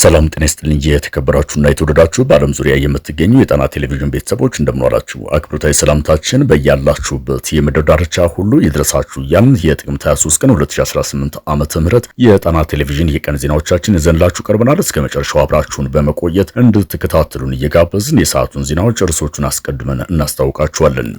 ሰላም ጤና ይስጥልኝ። የተከበራችሁና የተወደዳችሁ በዓለም ዙሪያ የምትገኙ የጣና ቴሌቪዥን ቤተሰቦች እንደምንዋላችሁ፣ አክብሮታዊ ሰላምታችን በያላችሁበት የምድር ዳርቻ ሁሉ ይድረሳችሁ እያልን የጥቅምት 23 ቀን 2018 ዓመተ ምህረት የጣና ቴሌቪዥን የቀን ዜናዎቻችን ይዘንላችሁ ቀርበናል። እስከ መጨረሻው አብራችሁን በመቆየት እንድትከታተሉን እየጋበዝን የሰዓቱን ዜናዎች እርሶቹን አስቀድመን እናስታውቃችኋለን።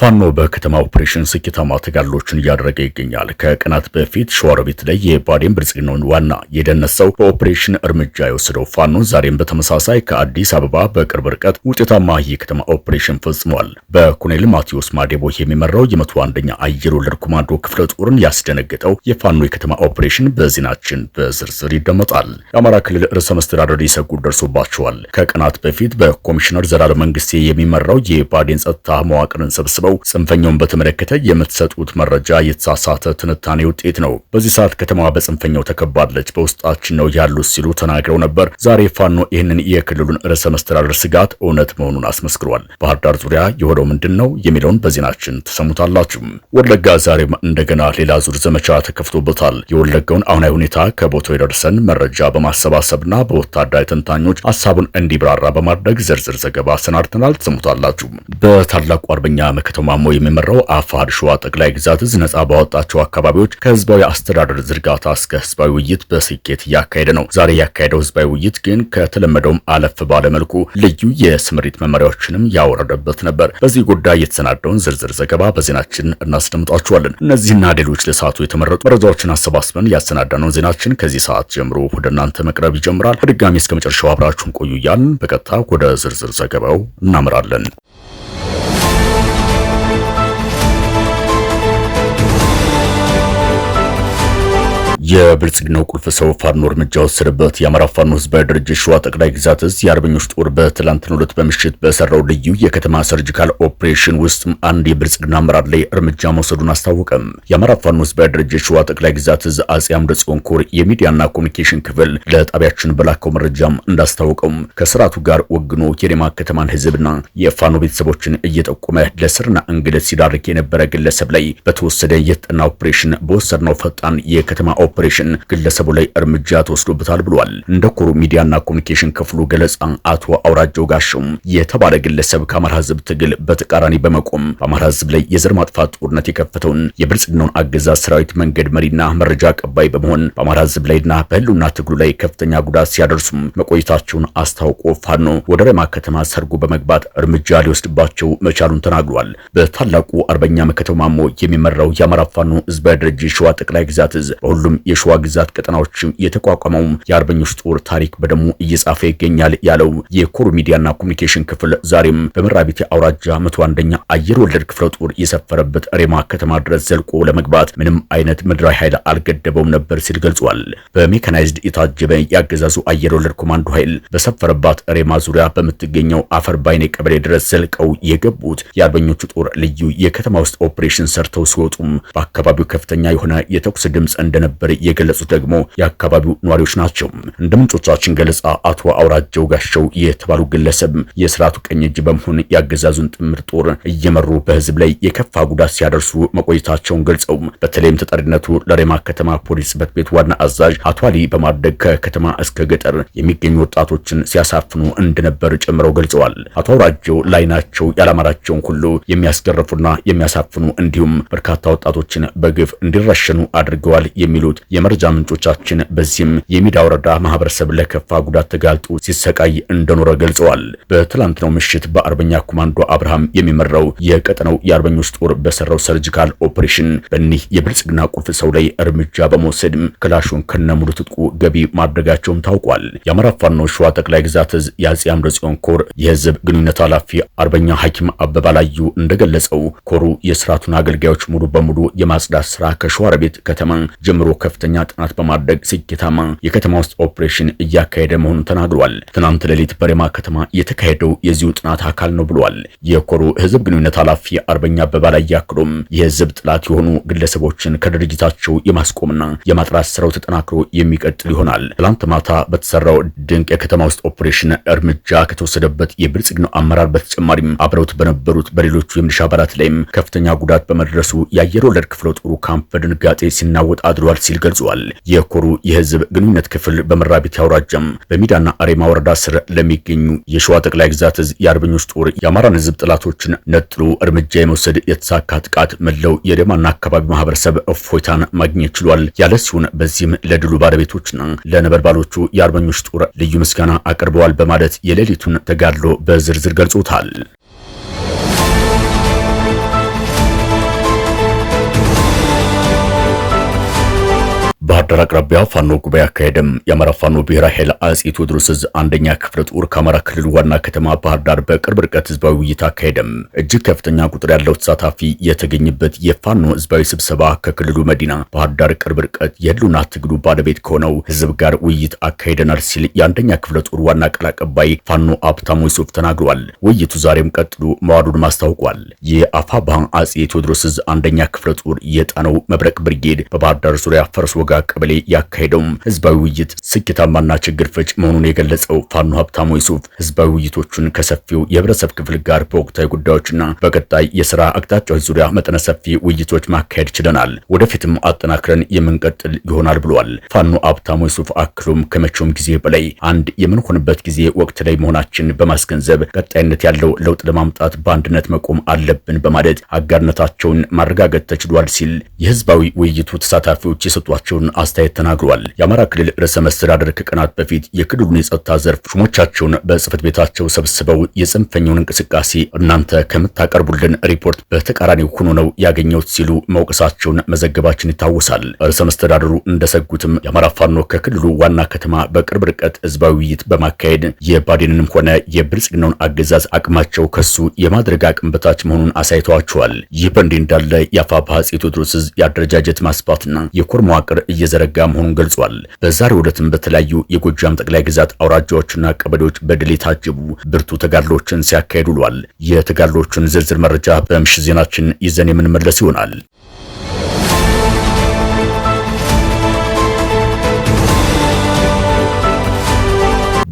ፋኖ በከተማ ኦፕሬሽን ስኬታማ ተጋድሎችን እያደረገ ይገኛል። ከቀናት በፊት ሸዋሮቢት ላይ የባዴን ብልጽግናውን ዋና የደነሰው በኦፕሬሽን እርምጃ የወሰደው ፋኖ ዛሬም በተመሳሳይ ከአዲስ አበባ በቅርብ ርቀት ውጤታማ የከተማ ኦፕሬሽን ፈጽሟል። በኮሎኔል ማቴዎስ ማዴቦ የሚመራው የመቶ አንደኛ አየር ወለድ ኮማንዶ ክፍለ ጦርን ያስደነገጠው የፋኖ የከተማ ኦፕሬሽን በዜናችን በዝርዝር ይደመጣል። የአማራ ክልል ርዕሰ መስተዳደር ይሰጉት ደርሶባቸዋል። ከቀናት በፊት በኮሚሽነር ዘላለ መንግስቴ የሚመራው የባዴን ጸጥታ መዋቅርን ሰብስበ ተሰብስበው ጽንፈኛውን በተመለከተ የምትሰጡት መረጃ የተሳሳተ ትንታኔ ውጤት ነው። በዚህ ሰዓት ከተማዋ በጽንፈኛው ተከባለች፣ በውስጣችን ነው ያሉት ሲሉ ተናግረው ነበር። ዛሬ ፋኖ ይህንን የክልሉን ርዕሰ መስተዳደር ስጋት እውነት መሆኑን አስመስክሯል። ባህር ዳር ዙሪያ የሆነው ምንድን ነው የሚለውን በዜናችን ተሰሙታላችሁ። ወለጋ ዛሬም እንደገና ሌላ ዙር ዘመቻ ተከፍቶበታል። የወለጋውን አሁናዊ ሁኔታ ከቦታው የደርሰን መረጃ በማሰባሰብና በወታደራዊ ተንታኞች ሀሳቡን እንዲብራራ በማድረግ ዝርዝር ዘገባ አሰናድተናል። ትሰሙታላችሁ። በታላቁ አርበኛ አቶ ማሞ የሚመራው አፋር ሸዋ ጠቅላይ ግዛት እዝ ነጻ ባወጣቸው አካባቢዎች ከህዝባዊ አስተዳደር ዝርጋታ እስከ ህዝባዊ ውይይት በስኬት እያካሄደ ነው። ዛሬ ያካሄደው ህዝባዊ ውይይት ግን ከተለመደውም አለፍ መልኩ ልዩ የስምሪት መመሪያዎችንም ያወረደበት ነበር። በዚህ ጉዳይ የተሰናደውን ዝርዝር ዘገባ በዜናችን እናስደምጣችኋለን። እነዚህና ሌሎች ለሰዓቱ የተመረጡ መረጃዎችን አሰባስበን ያሰናዳነውን ዜናችን ከዚህ ሰዓት ጀምሮ ወደ እናንተ መቅረብ ይጀምራል። በድጋሚ እስከ መጨረሻው አብራችሁን ቆዩ እያልን በቀጥታ ወደ ዝርዝር ዘገባው እናምራለን። የብልጽግናው ቁልፍ ሰው ፋኖ እርምጃ ወሰደበት። የአማራ ፋኖ ህዝባዊ ድርጅት ሸዋ ጠቅላይ ግዛት እዝ የአርበኞች ጦር በትላንትናው ዕለት በምሽት በሰራው ልዩ የከተማ ሰርጂካል ኦፕሬሽን ውስጥ አንድ የብልጽግና አመራር ላይ እርምጃ መውሰዱን አስታወቀም። የአማራ ፋኖ ህዝባዊ ድርጅት ሸዋ ጠቅላይ ግዛት እዝ አጼ አምደ ጽዮን ኮር የሚዲያና ኮሚኒኬሽን ክፍል ለጣቢያችን በላከው መረጃም እንዳስታወቀውም ከስርዓቱ ጋር ወግኖ የሬማ ከተማን ህዝብና የፋኖ ቤተሰቦችን እየጠቆመ ለስርና እንግልት ሲዳርግ የነበረ ግለሰብ ላይ በተወሰደ የተጠና ኦፕሬሽን በወሰድነው ፈጣን የከተማ ኦፕሬሽን ግለሰቡ ላይ እርምጃ ተወስዶበታል ብሏል። እንደ ኮሩ ሚዲያና ኮሚኒኬሽን ክፍሉ ገለጻ አቶ አውራጀው ጋሽም የተባለ ግለሰብ ከአማራ ህዝብ ትግል በተቃራኒ በመቆም በአማራ ህዝብ ላይ የዘር ማጥፋት ጦርነት የከፈተውን የብልጽግናውን አገዛዝ ሰራዊት መንገድ መሪና መረጃ አቀባይ በመሆን በአማራ ህዝብ ላይና በህልውና ትግሉ ላይ ከፍተኛ ጉዳት ሲያደርሱም መቆየታቸውን አስታውቆ ፋኖ ወደ ረማ ከተማ ሰርጎ በመግባት እርምጃ ሊወስድባቸው መቻሉን ተናግሯል። በታላቁ አርበኛ መከተው ማሞ የሚመራው የአማራ ፋኖ ህዝባዊ ድርጅት ሸዋ ጠቅላይ ግዛት እዝ በሁሉም የሸዋ ግዛት ቀጠናዎችም የተቋቋመው የአርበኞች ጦር ታሪክ በደሙ እየጻፈ ይገኛል ያለው የኮር ሚዲያና ኮሚኒኬሽን ክፍል ዛሬም በመራቢት አውራጃ መቶ አንደኛ አየር ወለድ ክፍለ ጦር የሰፈረበት ሬማ ከተማ ድረስ ዘልቆ ለመግባት ምንም አይነት ምድራዊ ኃይል አልገደበውም ነበር ሲል ገልጿል። በሜካናይዝድ የታጀበ ያገዛዙ አየር ወለድ ኮማንዶ ኃይል በሰፈረባት ሬማ ዙሪያ በምትገኘው አፈር ባይኔ ቀበሌ ድረስ ዘልቀው የገቡት የአርበኞቹ ጦር ልዩ የከተማ ውስጥ ኦፕሬሽን ሰርተው ሲወጡም በአካባቢው ከፍተኛ የሆነ የተኩስ ድምፅ እንደነበር የገለጹት ደግሞ የአካባቢው ነዋሪዎች ናቸው። እንደ ምንጮቻችን ገለጻ አቶ አውራጀው ጋሸው የተባሉ ግለሰብ የስርዓቱ ቀኝ እጅ በመሆን ያገዛዙን ጥምር ጦር እየመሩ በህዝብ ላይ የከፋ ጉዳት ሲያደርሱ መቆየታቸውን ገልጸው በተለይም ተጠሪነቱ ለሬማ ከተማ ፖሊስ ጽህፈት ቤት ዋና አዛዥ አቶ አሊ በማድረግ ከከተማ እስከ ገጠር የሚገኙ ወጣቶችን ሲያሳፍኑ እንደነበር ጨምረው ገልጸዋል። አቶ አውራጀው ላይናቸው ያላማራቸውን ሁሉ የሚያስገርፉና የሚያሳፍኑ እንዲሁም በርካታ ወጣቶችን በግፍ እንዲረሸኑ አድርገዋል የሚሉት የመረጃ ምንጮቻችን በዚህም የሚዳ ወረዳ ማህበረሰብ ለከፋ ጉዳት ተጋልጦ ሲሰቃይ እንደኖረ ገልጸዋል። በትላንትናው ምሽት በአርበኛ ኮማንዶ አብርሃም የሚመራው የቀጠነው የአርበኞች ጦር በሰራው ሰርጂካል ኦፕሬሽን በኒህ የብልጽግና ቁልፍ ሰው ላይ እርምጃ በመውሰድ ክላሹን ከነሙሉ ትጥቁ ገቢ ማድረጋቸውም ታውቋል። የአማራ ፋኖ ሸዋ ጠቅላይ ግዛት እዝ የአጼ አምደ ጽዮን ኮር የህዝብ ግንኙነት ኃላፊ አርበኛ ሐኪም አበባላዩ እንደገለጸው ኮሩ የስርዓቱን አገልጋዮች ሙሉ በሙሉ የማጽዳት ስራ ከሸዋሮቢት ከተማ ጀምሮ ከፍ ከፍተኛ ጥናት በማድረግ ስኬታማ የከተማ ውስጥ ኦፕሬሽን እያካሄደ መሆኑን ተናግሯል። ትናንት ሌሊት በሬማ ከተማ የተካሄደው የዚሁ ጥናት አካል ነው ብሏል። የኮሩ ህዝብ ግንኙነት ኃላፊ አርበኛ አበባ ላይ ያክሉም የህዝብ ጥላት የሆኑ ግለሰቦችን ከድርጅታቸው የማስቆምና የማጥራት ስራው ተጠናክሮ የሚቀጥል ይሆናል። ትላንት ማታ በተሰራው ድንቅ የከተማ ውስጥ ኦፕሬሽን እርምጃ ከተወሰደበት የብልጽግናው አመራር በተጨማሪም አብረውት በነበሩት በሌሎቹ የምድሻ አባላት ላይም ከፍተኛ ጉዳት በመድረሱ የአየር ወለድ ክፍለ ጦሩ ካምፕ በድንጋጤ ሲናወጥ አድሯል ሲል ገልጿል። የኮሩ የህዝብ ግንኙነት ክፍል በመራቢት አውራጃም በሚዳና አሬማ ወረዳ ስር ለሚገኙ የሸዋ ጠቅላይ ግዛት እዝ የአርበኞች ጦር የአማራን ህዝብ ጠላቶችን ነጥሎ እርምጃ የመውሰድ የተሳካ ጥቃት መለው የደማና አካባቢ ማህበረሰብ እፎይታን ማግኘት ችሏል ያለ ሲሆን በዚህም ለድሉ ባለቤቶችና ለነበልባሎቹ የአርበኞች ጦር ልዩ ምስጋና አቅርበዋል በማለት የሌሊቱን ተጋድሎ በዝርዝር ገልጾታል። ባህር ዳር አቅራቢያ ፋኖ ጉባኤ አካሄደም። የአማራ ፋኖ ብሔራዊ ኃይል አጼ ቴዎድሮስ ዕዝ አንደኛ ክፍለ ጦር ከአማራ ክልል ዋና ከተማ ባህር ዳር በቅርብ ርቀት ህዝባዊ ውይይት አካሄደም። እጅግ ከፍተኛ ቁጥር ያለው ተሳታፊ የተገኘበት የፋኖ ህዝባዊ ስብሰባ ከክልሉ መዲና ባህር ዳር ቅርብ ርቀት የህልውና ትግሉ ባለቤት ከሆነው ህዝብ ጋር ውይይት አካሄደናል ሲል የአንደኛ ክፍለ ጦር ዋና ቃል አቀባይ ፋኖ አብታሙ ተናግሯል። ውይይቱ ዛሬም ቀጥሎ መዋዱን ማስታውቋል። የአፋ ባህ አጼ ቴዎድሮስ ዕዝ አንደኛ ክፍለ ጦር የጣነው መብረቅ ብርጌድ በባህር ዳር ዙሪያ ፈረስ ወጋ ቡጋ ቀበሌ ያካሄደው። ህዝባዊ ውይይት ስኬታማና ችግር ፍጭ መሆኑን የገለጸው ፋኖ ሀብታሙ ይሱፍ ህዝባዊ ውይይቶቹን ከሰፊው የህብረተሰብ ክፍል ጋር በወቅታዊ ጉዳዮችና በቀጣይ የስራ አቅጣጫዎች ዙሪያ መጠነ ሰፊ ውይይቶች ማካሄድ ችለናል፣ ወደፊትም አጠናክረን የምንቀጥል ይሆናል ብሏል። ፋኖ ሀብታሙ ይሱፍ አክሎም ከመቼውም ጊዜ በላይ አንድ የምንሆንበት ጊዜ ወቅት ላይ መሆናችን በማስገንዘብ ቀጣይነት ያለው ለውጥ ለማምጣት በአንድነት መቆም አለብን በማለት አጋርነታቸውን ማረጋገጥ ተችሏል ሲል የህዝባዊ ውይይቱ ተሳታፊዎች የሰጧቸውን መሆኑን አስተያየት ተናግሯል። የአማራ ክልል ርዕሰ መስተዳደር ከቀናት በፊት የክልሉን የጸጥታ ዘርፍ ሹሞቻቸውን በጽህፈት ቤታቸው ሰብስበው የጽንፈኛውን እንቅስቃሴ እናንተ ከምታቀርቡልን ሪፖርት በተቃራኒ ሆኖ ነው ያገኘሁት ሲሉ መውቀሳቸውን መዘገባችን ይታወሳል። ርዕሰ መስተዳደሩ እንደሰጉትም የአማራ ፋኖ ከክልሉ ዋና ከተማ በቅርብ ርቀት ህዝባዊ ውይይት በማካሄድ የባዴንንም ሆነ የብልጽግናውን አገዛዝ አቅማቸው ከሱ የማድረግ አቅም በታች መሆኑን አሳይተዋቸዋል። ይህ በእንዲህ እንዳለ የአፋ ባህ አፄ ቴዎድሮስ የአደረጃጀት ማስፋትና የኮር መዋቅር እየዘረጋ መሆኑን ገልጿል። በዛሬው ዕለትም በተለያዩ የጎጃም ጠቅላይ ግዛት አውራጃዎችና ቀበሌዎች በድል የታጀቡ ብርቱ ተጋድሎችን ሲያካሂዱ ውሏል። የተጋድሎቹን ዝርዝር መረጃ በምሽት ዜናችን ይዘን የምንመለስ ይሆናል።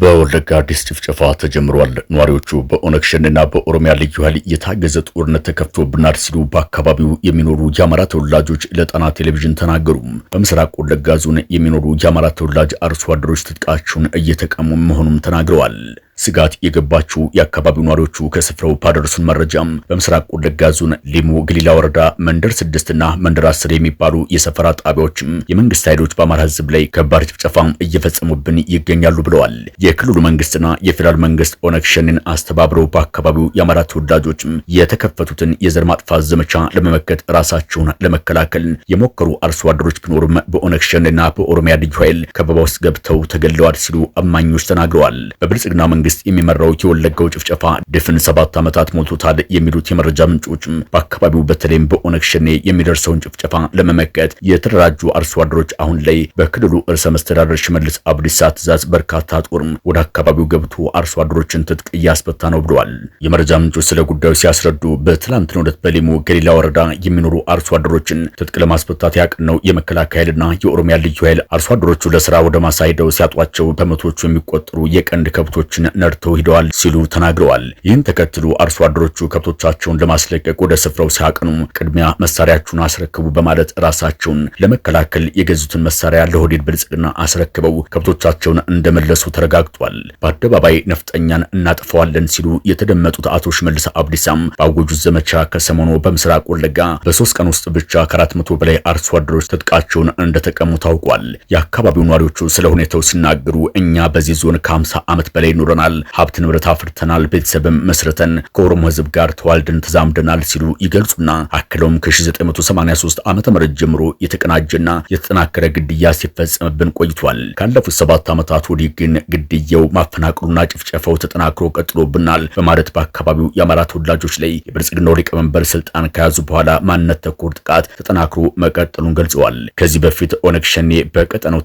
በወለጋ አዲስ ጭፍጨፋ ተጀምሯል። ነዋሪዎቹ በኦነግ ሸኔና በኦሮሚያ ልዩ ኃይል የታገዘ ጦርነት ተከፍቶብናል ሲሉ በአካባቢው የሚኖሩ የአማራ ተወላጆች ለጣና ቴሌቪዥን ተናገሩ። በምስራቅ ወለጋ ዞን የሚኖሩ የአማራ ተወላጅ አርሶ አደሮች ትጥቃቸውን እየተቀሙ መሆኑም ተናግረዋል። ስጋት የገባቸው የአካባቢው ነዋሪዎቹ ከስፍራው ባደረሱን መረጃም በምስራቅ ወለጋ ዞን ሊሙ ግሊላ ወረዳ መንደር ስድስትና መንደር አስር የሚባሉ የሰፈራ ጣቢያዎችም የመንግስት ኃይሎች በአማራ ህዝብ ላይ ከባድ ጭፍጨፋ እየፈጸሙብን ይገኛሉ ብለዋል። የክልሉ መንግስትና የፌዴራል መንግስት ኦነግ ሸኔን አስተባብረው በአካባቢው የአማራ ተወላጆችም የተከፈቱትን የዘር ማጥፋት ዘመቻ ለመመከት ራሳቸውን ለመከላከል የሞከሩ አርሶ አደሮች ቢኖርም በኦነግ ሸኔና በኦሮሚያ ልዩ ኃይል ከበባ ውስጥ ገብተው ተገለዋል ሲሉ አማኞች ተናግረዋል። በብልጽግና መንግስት መንግስት የሚመራው የወለጋው ጭፍጨፋ ድፍን ሰባት ዓመታት ሞልቶታል የሚሉት የመረጃ ምንጮችም በአካባቢው በተለይም በኦነግ ሸኔ የሚደርሰውን ጭፍጨፋ ለመመከት የተደራጁ አርሶ አደሮች አሁን ላይ በክልሉ ርዕሰ መስተዳደር ሽመልስ አብዲሳ ትእዛዝ በርካታ ጦርም ወደ አካባቢው ገብቶ አርሶ አደሮችን ትጥቅ እያስፈታ ነው ብለዋል። የመረጃ ምንጮች ስለ ጉዳዩ ሲያስረዱ በትላንትናው ዕለት በሊሙ ገሊላ ወረዳ የሚኖሩ አርሶ አደሮችን ትጥቅ ለማስፈታት ያቀናው የመከላከያ ኃይልና የኦሮሚያ ልዩ ኃይል አርሶ አደሮቹ ለስራ ወደ ማሳ ሄደው ሲያጧቸው በመቶዎቹ የሚቆጠሩ የቀንድ ከብቶችን ነድተው ሂደዋል ሲሉ ተናግረዋል። ይህን ተከትሎ አርሶ አደሮቹ ከብቶቻቸውን ለማስለቀቅ ወደ ስፍራው ሲያቀኑ ቅድሚያ መሳሪያችሁን አስረክቡ በማለት ራሳቸውን ለመከላከል የገዙትን መሳሪያ ለሆዴድ ብልጽግና አስረክበው ከብቶቻቸውን እንደመለሱ ተረጋግጧል። በአደባባይ ነፍጠኛን እናጥፈዋለን ሲሉ የተደመጡት አቶ ሽመልስ አብዲሳም ባወጁት ዘመቻ ከሰሞኑ በምስራቅ ወለጋ በሶስት ቀን ውስጥ ብቻ ከአራት መቶ በላይ አርሶ አደሮች ትጥቃቸውን እንደተቀሙ ታውቋል። የአካባቢው ነዋሪዎቹ ስለ ሁኔታው ሲናገሩ እኛ በዚህ ዞን ከ50 ዓመት በላይ ኑረናል ሰርተናል፣ ሀብት ንብረት አፍርተናል፣ ቤተሰብም መስርተን ከኦሮሞ ህዝብ ጋር ተዋልደን ተዛምደናል ሲሉ ይገልጹና አክለውም ከ1983 ዓ.ም ጀምሮ የተቀናጀና የተጠናከረ ግድያ ሲፈጸምብን ቆይቷል። ካለፉት ሰባት ዓመታት ወዲህ ግን ግድያው ማፈናቀሉና ጭፍጨፋው ተጠናክሮ ቀጥሎብናል በማለት በአካባቢው የአማራ ተወላጆች ላይ የብልጽግናው ሊቀመንበር ስልጣን ከያዙ በኋላ ማንነት ተኮር ጥቃት ተጠናክሮ መቀጠሉን ገልጸዋል። ከዚህ በፊት ኦነግ ሸኔ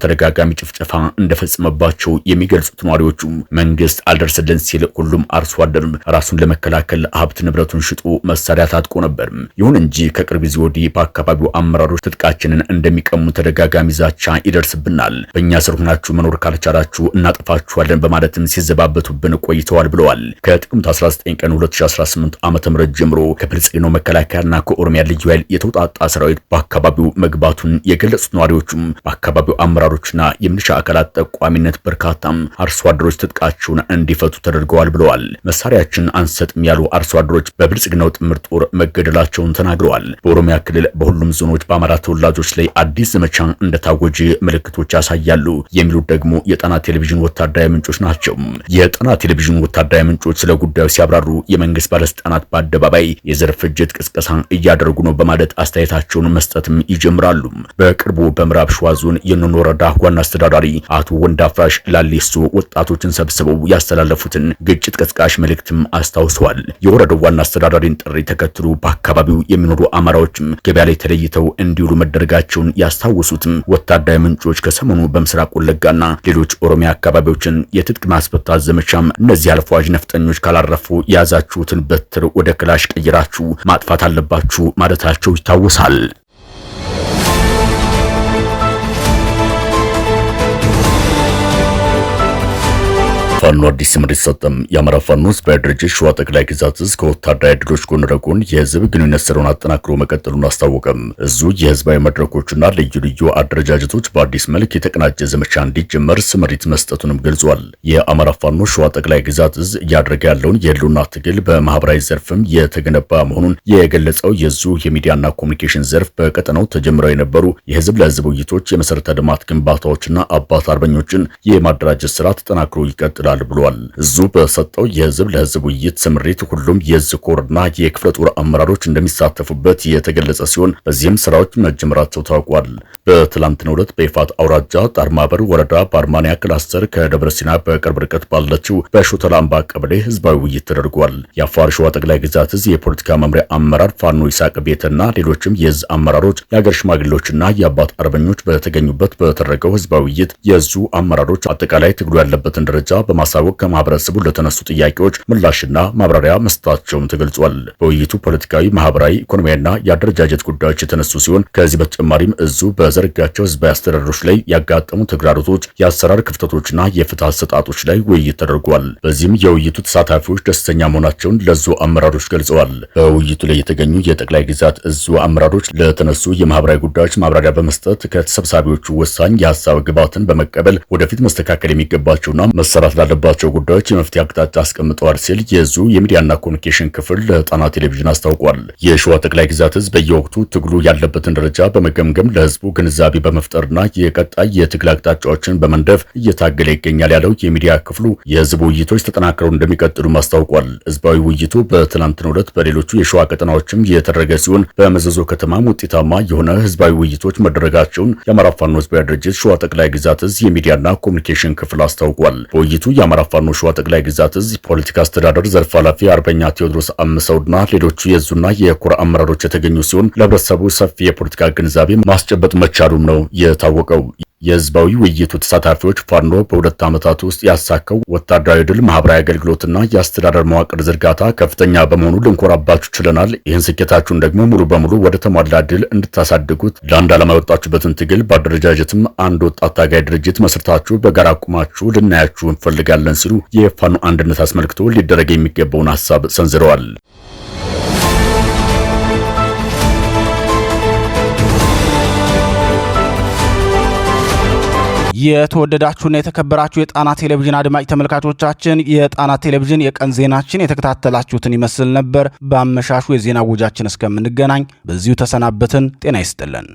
ተደጋጋሚ ጭፍጨፋ እንደፈጸመባቸው የሚገልጹት ነዋሪዎቹ መንግስት አልደርስልን ሲል ሁሉም አርሶ አደርም ራሱን ለመከላከል ሀብት ንብረቱን ሽጦ መሳሪያ ታጥቆ ነበር። ይሁን እንጂ ከቅርብ ጊዜ ወዲህ በአካባቢው አመራሮች ትጥቃችንን እንደሚቀሙ ተደጋጋሚ ዛቻ ይደርስብናል። በእኛ ስር ሆናችሁ መኖር ካልቻላችሁ እናጠፋችኋለን በማለትም ሲዘባበቱብን ቆይተዋል ብለዋል። ከጥቅምት 19 ቀን 2018 ዓ.ም ጀምሮ ከብልጽግና መከላከያና ከኦሮሚያ ልዩ ኃይል የተውጣጣ ሰራዊት በአካባቢው መግባቱን የገለጹት ነዋሪዎቹም በአካባቢው አመራሮችና የሚሊሻ አካላት ጠቋሚነት በርካታም አርሶ አደሮች ትጥቃቸውን እንዲፈቱ ተደርገዋል ብለዋል። መሳሪያችን አንሰጥም ያሉ አርሶ አደሮች በብልጽግናው ጥምር ጦር መገደላቸውን ተናግረዋል። በኦሮሚያ ክልል በሁሉም ዞኖች በአማራ ተወላጆች ላይ አዲስ ዘመቻ እንደታወጀ ምልክቶች ያሳያሉ የሚሉት ደግሞ የጣና ቴሌቪዥን ወታደራዊ ምንጮች ናቸው። የጣና ቴሌቪዥን ወታደራዊ ምንጮች ስለ ጉዳዩ ሲያብራሩ የመንግስት ባለስልጣናት በአደባባይ የዘር ፍጅት ቅስቀሳ እያደረጉ ነው በማለት አስተያየታቸውን መስጠትም ይጀምራሉ። በቅርቡ በምዕራብ ሸዋ ዞን የኖኖ ወረዳ ዋና አስተዳዳሪ አቶ ወንዳፍራሽ ላሌሶ ወጣቶችን ሰብስበው ያስ ያስተላለፉትን ግጭት ቀስቃሽ መልእክትም አስታውሰዋል። የወረዳው ዋና አስተዳዳሪን ጥሪ ተከትሎ በአካባቢው የሚኖሩ አማራዎችም ገበያ ላይ ተለይተው እንዲውሉ መደረጋቸውን ያስታወሱትም ወታደራዊ ምንጮች ከሰሞኑ በምስራቅ ወለጋና ሌሎች ኦሮሚያ አካባቢዎችን የትጥቅ ማስፈታት ዘመቻም እነዚህ አልፎ አዋጅ ነፍጠኞች ካላረፉ የያዛችሁትን በትር ወደ ክላሽ ቀይራችሁ ማጥፋት አለባችሁ ማለታቸው ይታወሳል። ፋኖ አዲስ ምሪት ሰጠም የአማራ ፋኖ ህዝባዊ ድርጅት ሸዋ ጠቅላይ ግዛት እዝ ከወታደራዊ ድሎች ጎን ለጎን የህዝብ ግንኙነት ስራውን አጠናክሮ መቀጠሉን አስታወቀም። እዙ የህዝባዊ መድረኮችና ልዩ ልዩ አደረጃጀቶች በአዲስ መልክ የተቀናጀ ዘመቻ እንዲጀመር ስምሪት መስጠቱንም ገልጿል። የአማራ ፋኖ ሸዋ ጠቅላይ ግዛት እዝ እያደረገ ያለውን የህልውና ትግል በማህበራዊ ዘርፍም የተገነባ መሆኑን የገለጸው የዙ የሚዲያና ኮሚኒኬሽን ዘርፍ በቀጠናው ተጀምረው የነበሩ የህዝብ ለህዝብ ውይይቶች፣ የመሰረተ ልማት ግንባታዎችና አባት አርበኞችን የማደራጀት ስራ ተጠናክሮ ይቀጥላል ይውላል ብሏል። እዙ በሰጠው የህዝብ ለህዝብ ውይይት ስምሪት ሁሉም የእዝ ኮርና የክፍለ ጦር አመራሮች እንደሚሳተፉበት የተገለጸ ሲሆን በዚህም ስራዎች መጀመራቸው ታውቋል። በትላንትናው ዕለት በይፋት አውራጃ ጣርማበር ወረዳ በአርማንያ ክላስተር ከደብረ ሲና በቅርብ ርቀት ባለችው በሾተላምባ ቀበሌ ህዝባዊ ውይይት ተደርጓል። የአፋር ሸዋ ጠቅላይ ግዛት እዝ የፖለቲካ መምሪያ አመራር ፋኖ ይሳቅ ቤትና ሌሎችም የዝ አመራሮች፣ የአገር ሽማግሌዎችና የአባት አርበኞች በተገኙበት በተደረገው ህዝባዊ ውይይት የእዙ አመራሮች አጠቃላይ ትግሉ ያለበትን ደረጃ በ በማሳወቅ ከማህበረሰቡ ለተነሱ ጥያቄዎች ምላሽና ማብራሪያ መስጠታቸውም ተገልጿል። በውይይቱ ፖለቲካዊ፣ ማህበራዊ፣ ኢኮኖሚያዊና የአደረጃጀት ጉዳዮች የተነሱ ሲሆን ከዚህ በተጨማሪም እዙ በዘረጋቸው ህዝባዊ አስተዳደሮች ላይ ያጋጠሙ ተግዳሮቶች፣ የአሰራር ክፍተቶችና የፍትህ አሰጣጦች ላይ ውይይት ተደርጓል። በዚህም የውይይቱ ተሳታፊዎች ደስተኛ መሆናቸውን ለዙ አመራሮች ገልጸዋል። በውይይቱ ላይ የተገኙ የጠቅላይ ግዛት እዙ አመራሮች ለተነሱ የማህበራዊ ጉዳዮች ማብራሪያ በመስጠት ከተሰብሳቢዎቹ ወሳኝ የሀሳብ ግብዓትን በመቀበል ወደፊት መስተካከል የሚገባቸውና መሰራት ላለባቸው ጉዳዮች የመፍትሄ አቅጣጫ አስቀምጠዋል ሲል የዙ የሚዲያና ኮሚኒኬሽን ክፍል ለጣና ቴሌቪዥን አስታውቋል። የሸዋ ጠቅላይ ግዛት ህዝብ በየወቅቱ ትግሉ ያለበትን ደረጃ በመገምገም ለህዝቡ ግንዛቤ በመፍጠርና የቀጣይ የትግል አቅጣጫዎችን በመንደፍ እየታገለ ይገኛል ያለው የሚዲያ ክፍሉ የህዝብ ውይይቶች ተጠናክረው እንደሚቀጥሉ አስታውቋል። ህዝባዊ ውይይቱ በትናንትናው ዕለት በሌሎቹ የሸዋ ቀጠናዎችም የተደረገ ሲሆን በመዘዞ ከተማም ውጤታማ የሆነ ህዝባዊ ውይይቶች መደረጋቸውን የአማራ ፋኖ ህዝባዊ ድርጅት ሸዋ ጠቅላይ ግዛት ህዝብ የሚዲያና ኮሚኒኬሽን ክፍል አስታውቋል። በውይይቱ የአማራ ፋኖ ሸዋ ጠቅላይ ግዛት እዝ ፖለቲካ አስተዳደር ዘርፍ ኃላፊ አርበኛ ቴዎድሮስ አምሰውና ሌሎቹ የዙና የኮር አመራሮች የተገኙ ሲሆን ለህብረተሰቡ ሰፊ የፖለቲካ ግንዛቤ ማስጨበጥ መቻሉም ነው የታወቀው። የህዝባዊ ውይይቱ ተሳታፊዎች ፋኖ በሁለት ዓመታት ውስጥ ያሳካው ወታደራዊ ድል ማህበራዊ አገልግሎትና የአስተዳደር መዋቅር ዝርጋታ ከፍተኛ በመሆኑ ልንኮራባችሁ ችለናል። ይህን ስኬታችሁን ደግሞ ሙሉ በሙሉ ወደ ተሟላ ድል እንድታሳድጉት ለአንድ ዓላማ የወጣችሁበትን ትግል በአደረጃጀትም አንድ ወጣት ታጋይ ድርጅት መስርታችሁ በጋራ አቁማችሁ ልናያችሁ እንፈልጋለን ሲሉ የፋኖ አንድነት አስመልክቶ ሊደረግ የሚገባውን ሀሳብ ሰንዝረዋል። የተወደዳችሁና የተከበራችሁ የጣና ቴሌቪዥን አድማጭ ተመልካቾቻችን የጣና ቴሌቪዥን የቀን ዜናችን የተከታተላችሁትን ይመስል ነበር። በአመሻሹ የዜና ጎጃችን እስከምንገናኝ በዚሁ ተሰናበትን። ጤና ይስጥልን።